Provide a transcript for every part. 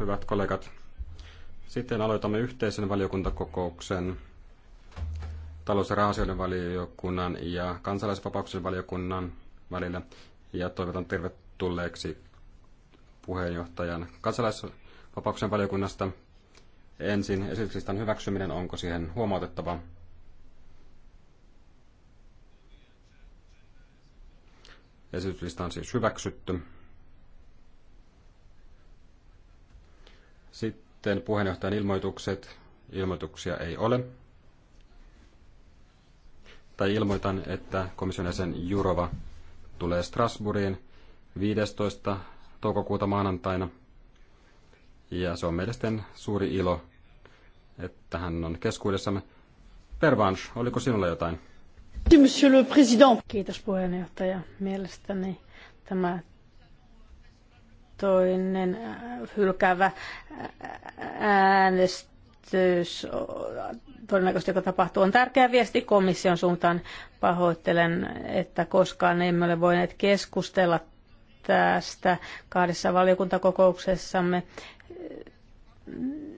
hyvät kollegat. Sitten aloitamme yhteisen valiokuntakokouksen talous- ja rahasioiden valiokunnan ja kansalaisvapauksen valiokunnan välillä. Ja toivotan tervetulleeksi puheenjohtajan kansalaisvapauksen valiokunnasta. Ensin esityslistan hyväksyminen, onko siihen huomautettava? Esityslista on siis hyväksytty. Sitten puheenjohtajan ilmoitukset. Ilmoituksia ei ole. Tai ilmoitan, että komission jäsen Jurova tulee Strasbourgiin 15. toukokuuta maanantaina. Ja se on meidän suuri ilo, että hän on keskuudessamme. Pervanche, oliko sinulla jotain? Monsieur le Président. Kiitos puheenjohtaja. Mielestäni tämä toinen äh, hylkäävä äh, äänestys todennäköisesti, joka tapahtuu, on tärkeä viesti komission suuntaan. Pahoittelen, että koskaan emme ole voineet keskustella tästä kahdessa valiokuntakokouksessamme.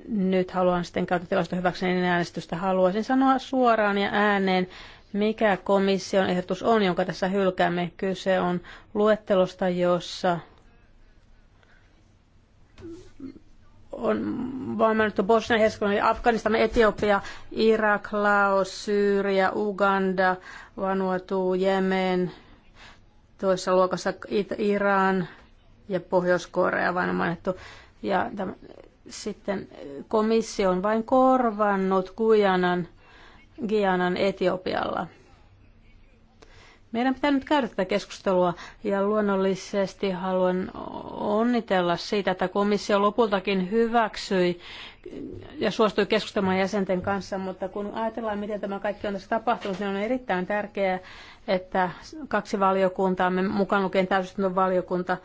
Nyt haluan sitten käyttää tilasta hyväkseni niin äänestystä. Haluaisin sanoa suoraan ja ääneen, mikä komission ehdotus on, jonka tässä hylkäämme. Kyse on luettelosta, jossa on vaan mainittu Bosnia, Herzegovina, Afganistan, Etiopia, Irak, Laos, Syyria, Uganda, Vanuatu, Jemen, toisessa luokassa Iran ja Pohjois-Korea vain on mainittu. Ja tämän, sitten komissio on vain korvannut Kujanan, Gianan Etiopialla. Meidän pitää nyt käydä tätä keskustelua ja luonnollisesti haluan onnitella siitä, että komissio lopultakin hyväksyi ja suostui keskustelemaan jäsenten kanssa, mutta kun ajatellaan, miten tämä kaikki on tässä tapahtunut, niin on erittäin tärkeää, että kaksi valiokuntaa, me mukaan lukien täysistunnon valiokunta,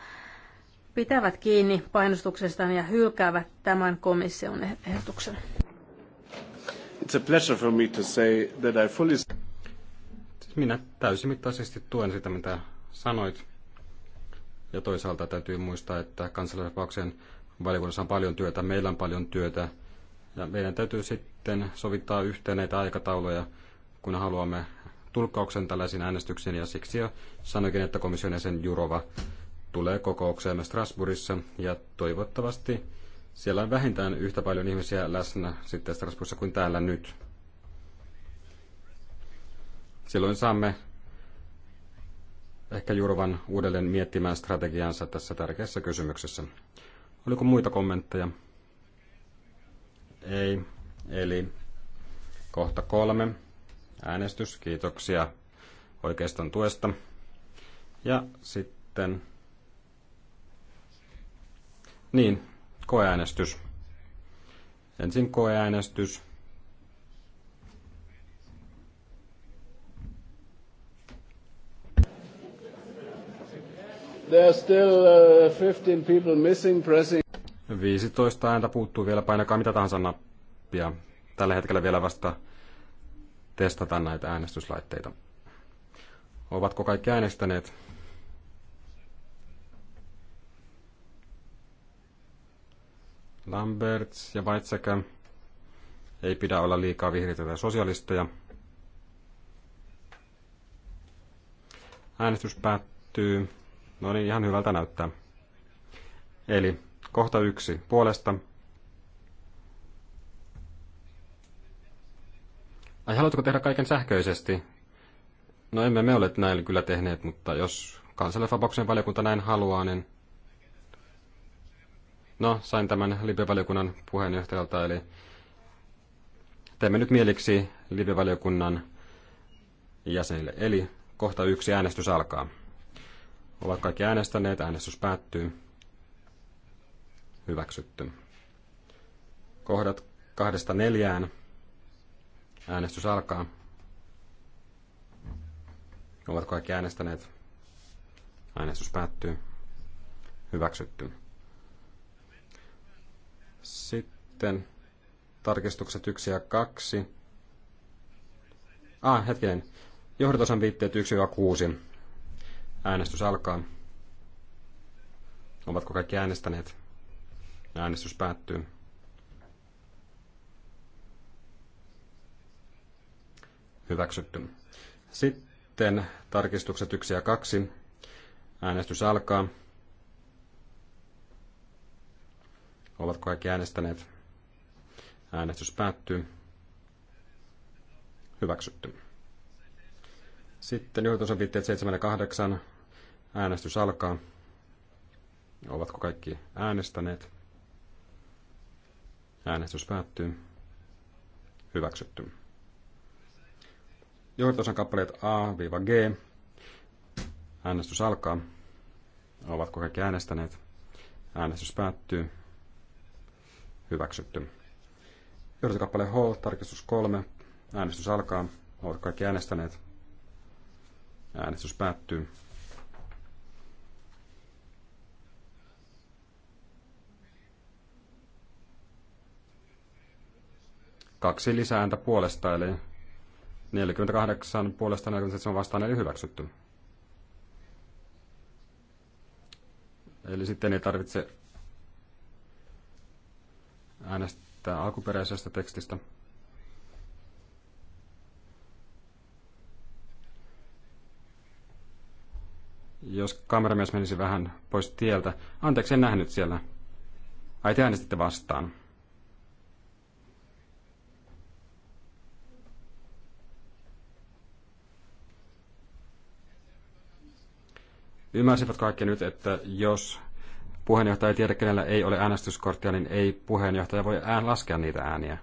pitävät kiinni painostuksestaan ja hylkäävät tämän komission ehdotuksen. It's a pleasure for me to say that I fully... Minä täysimittaisesti tuen sitä, mitä sanoit. Ja toisaalta täytyy muistaa, että kansalaisvapauksien valiokunnassa on paljon työtä, meillä on paljon työtä. Ja meidän täytyy sitten sovittaa yhteen näitä aikatauluja, kun haluamme tulkkauksen tällaisiin äänestyksiin. Ja siksi jo sanoikin, että komission jäsen Jurova tulee kokoukseemme Strasbourgissa ja toivottavasti siellä on vähintään yhtä paljon ihmisiä läsnä sitten Strasbourgissa kuin täällä nyt silloin saamme ehkä Jurvan uudelleen miettimään strategiansa tässä tärkeässä kysymyksessä. Oliko muita kommentteja? Ei. Eli kohta kolme. Äänestys. Kiitoksia oikeiston tuesta. Ja sitten... Niin, koeäänestys. Ensin koeäänestys. still uh, 15 people missing pressing. 15 ääntä puuttuu vielä, painakaa mitä tahansa nappia. Tällä hetkellä vielä vasta testataan näitä äänestyslaitteita. Ovatko kaikki äänestäneet? Lamberts ja Weizsäkä. Ei pidä olla liikaa vihreitä tai sosialisteja. Äänestys päättyy. No niin, ihan hyvältä näyttää. Eli kohta yksi puolesta. Ai haluatko tehdä kaiken sähköisesti? No emme me ole näin kyllä tehneet, mutta jos kansalaisvapauksen valiokunta näin haluaa, niin... No, sain tämän Libe-valiokunnan puheenjohtajalta, eli teemme nyt mieliksi Libe-valiokunnan jäsenille. Eli kohta yksi äänestys alkaa. Ovat kaikki äänestäneet. Äänestys päättyy. Hyväksytty. Kohdat kahdesta neljään. Äänestys alkaa. Ovat kaikki äänestäneet. Äänestys päättyy. Hyväksytty. Sitten tarkistukset 1 ja 2. Ah, hetkinen. Johdotosan viitteet 1-6. ja Äänestys alkaa. Ovatko kaikki äänestäneet? Äänestys päättyy. Hyväksytty. Sitten tarkistukset 1 ja 2. Äänestys alkaa. Ovatko kaikki äänestäneet? Äänestys päättyy. Hyväksytty. Sitten johdotusopitteet 7 ja 8. Äänestys alkaa. Ovatko kaikki äänestäneet? Äänestys päättyy. Hyväksytty. Johtosan kappaleet A-G. Äänestys alkaa. Ovatko kaikki äänestäneet? Äänestys päättyy. Hyväksytty. kappale H, tarkistus 3. Äänestys alkaa. Ovatko kaikki äänestäneet? Äänestys päättyy. Kaksi lisääntä puolesta, eli 48 puolesta 47 vastaan eli hyväksytty. Eli sitten ei tarvitse äänestää alkuperäisestä tekstistä. Jos kameramies menisi vähän pois tieltä. Anteeksi, en nähnyt siellä. Ai te äänestitte vastaan. Ymmärsivät kaikki nyt, että jos puheenjohtaja ei tiedä, kenellä ei ole äänestyskorttia, niin ei puheenjohtaja voi ään laskea niitä ääniä.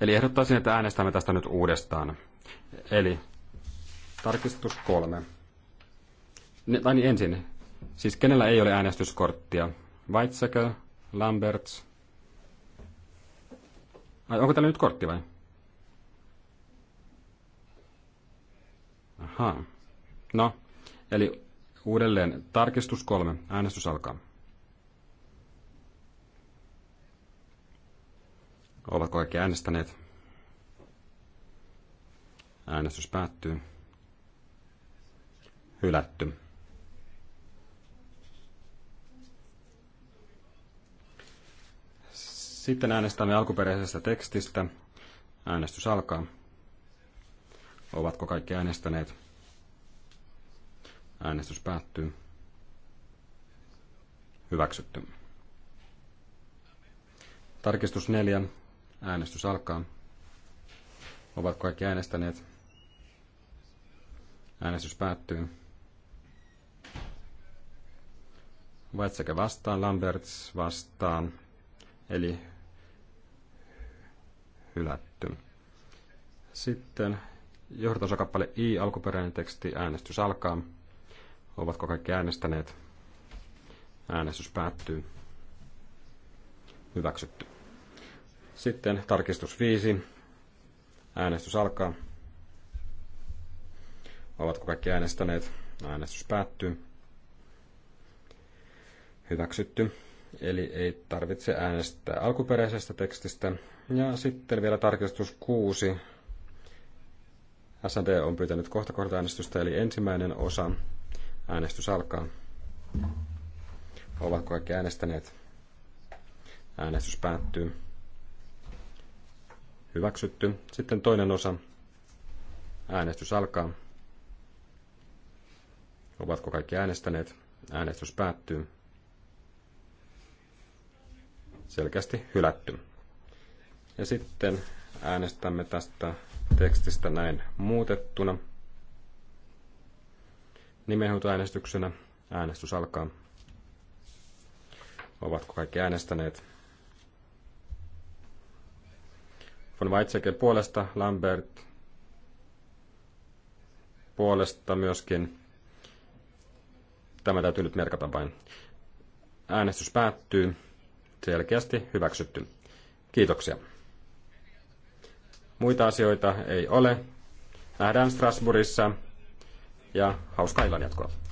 Eli ehdottaisin, että äänestämme tästä nyt uudestaan. Eli tarkistus kolme. Ne, tai niin ensin. Siis kenellä ei ole äänestyskorttia? Weizsäcker, Lamberts, Ai, onko täällä nyt kortti vai? Aha, No, eli uudelleen tarkistus kolme. Äänestys alkaa. Ovatko kaikki äänestäneet? Äänestys päättyy. Hylätty. Sitten äänestämme alkuperäisestä tekstistä. Äänestys alkaa. Ovatko kaikki äänestäneet? Äänestys päättyy. Hyväksytty. Tarkistus 4. Äänestys alkaa. Ovatko kaikki äänestäneet? Äänestys päättyy. Vaitsekä vastaan, Lamberts vastaan. Eli hylätty. Sitten johdantosakappale I, alkuperäinen teksti, äänestys alkaa. Ovatko kaikki äänestäneet? Äänestys päättyy. Hyväksytty. Sitten tarkistus 5. Äänestys alkaa. Ovatko kaikki äänestäneet? Äänestys päättyy. Hyväksytty. Eli ei tarvitse äänestää alkuperäisestä tekstistä. Ja sitten vielä tarkistus 6. SD on pyytänyt kohta kohta äänestystä, eli ensimmäinen osa. Äänestys alkaa. Ovatko kaikki äänestäneet? Äänestys päättyy. Hyväksytty. Sitten toinen osa. Äänestys alkaa. Ovatko kaikki äänestäneet? Äänestys päättyy selkeästi hylätty. Ja sitten äänestämme tästä tekstistä näin muutettuna. Nimenhuutoäänestyksenä äänestys alkaa. Ovatko kaikki äänestäneet? Von Weizsäcker puolesta, Lambert puolesta myöskin. Tämä täytyy nyt merkata vain. Äänestys päättyy selkeästi hyväksytty. Kiitoksia. Muita asioita ei ole. Nähdään Strasbourgissa ja hauskaa illanjatkoa.